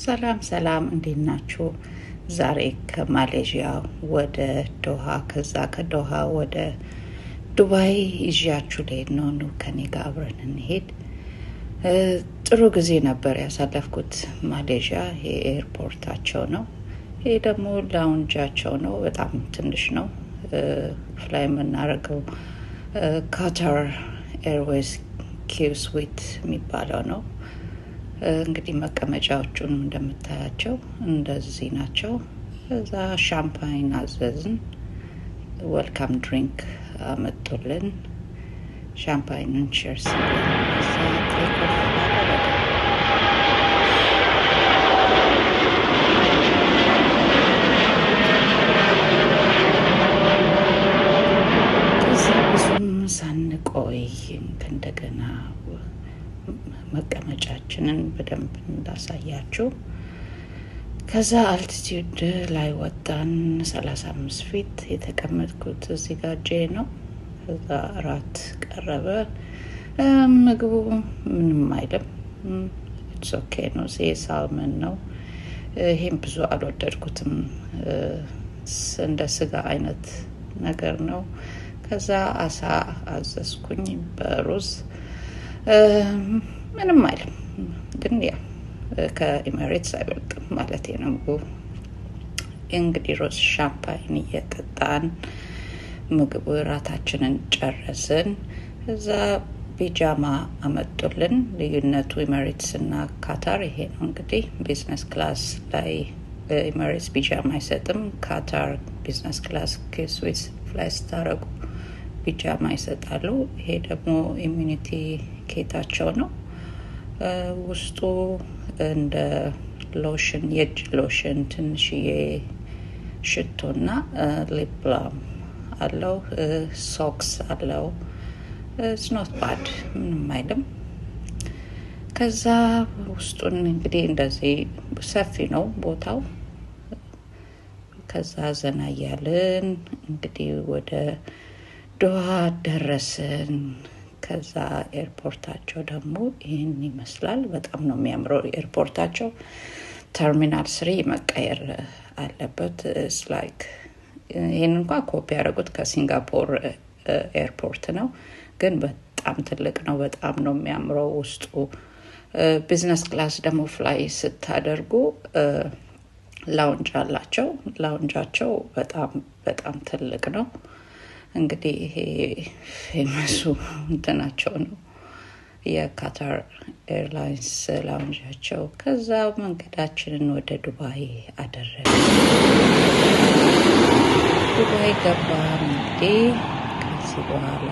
ሰላም ሰላም፣ እንዴት ናችሁ? ዛሬ ከማሌዥያ ወደ ዶሃ ከዛ ከዶሃ ወደ ዱባይ ይዣችሁ ልሄድ ነው። ኑ ከኔ ጋር አብረን እንሄድ። ጥሩ ጊዜ ነበር ያሳለፍኩት ማሌዥያ። የኤርፖርታቸው ነው፣ ይሄ ደግሞ ላውንጃቸው ነው። በጣም ትንሽ ነው። ፍላይ የምናደርገው ካታር ኤርዌይስ ኪውስዊት የሚባለው ነው። እንግዲህ መቀመጫዎቹን እንደምታያቸው እንደዚህ ናቸው። እዛ ሻምፓይን አዘዝን። ወልካም ድሪንክ አመጡልን። ሻምፓይንን ቸርስ ብዙም ሳንቆይ እንደገና መቀመጫችንን በደንብ እንዳሳያችሁ። ከዛ አልቲቲዩድ ላይ ወጣን። ሰላሳ ፊት የተቀመጥኩት እዚህ ጋር ጄ ነው። ከዛ እራት ቀረበ። ምግቡ ምንም አይልም፣ ኢትስ ኦኬ ነው። ይሄ ሳልመን ነው። ይሄም ብዙ አልወደድኩትም። እንደ ስጋ አይነት ነገር ነው። ከዛ አሳ አዘዝኩኝ በሩዝ ምንም አይልም፣ ግን ያ ከኢሜሬትስ አይበልጥም ማለት ነው። እንግዲህ ሮዝ ሻምፓይን እየጠጣን ምግቡ እራታችንን ጨረስን። እዛ ቢጃማ አመጡልን። ልዩነቱ ኢሜሬትስ እና ካታር ይሄ ነው እንግዲህ። ቢዝነስ ክላስ ላይ ኢሜሬትስ ቢጃማ አይሰጥም። ካታር ቢዝነስ ክላስ ስዊስ ላይ ስታረጉ ቢጃማ ይሰጣሉ። ይሄ ደግሞ ኢሚኒቲ ኬታቸው ነው። ውስጡ እንደ ሎሽን፣ የእጅ ሎሽን፣ ትንሽዬ ሽቶና ሊፕላም አለው። ሶክስ አለው። ስኖት ባድ ምንም አይልም። ከዛ ውስጡን እንግዲህ እንደዚህ ሰፊ ነው ቦታው። ከዛ ዘና እያልን እንግዲህ ወደ ዶሃ ደረስን። ከዛ ኤርፖርታቸው ደግሞ ይህን ይመስላል። በጣም ነው የሚያምረው ኤርፖርታቸው። ተርሚናል ስሪ መቀየር አለበት። ስላይክ ይህን እንኳ ኮፒ ያደረጉት ከሲንጋፖር ኤርፖርት ነው፣ ግን በጣም ትልቅ ነው። በጣም ነው የሚያምረው ውስጡ። ቢዝነስ ክላስ ደግሞ ፍላይ ስታደርጉ ላውንጅ አላቸው። ላውንጃቸው በጣም በጣም ትልቅ ነው። እንግዲህ ይሄ ፌመሱ እንትናቸው ነው የካታር ኤርላይንስ ላውንጃቸው። ከዛ መንገዳችንን ወደ ዱባይ አደረግ ዱባይ ገባን። እንግዲህ ከዚህ በኋላ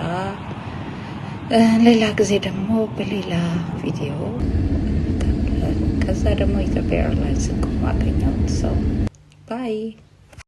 ሌላ ጊዜ ደግሞ በሌላ ቪዲዮ ከዛ ደግሞ ኢትዮጵያ ኤርላይንስ አገኘሁት ሰው ባይ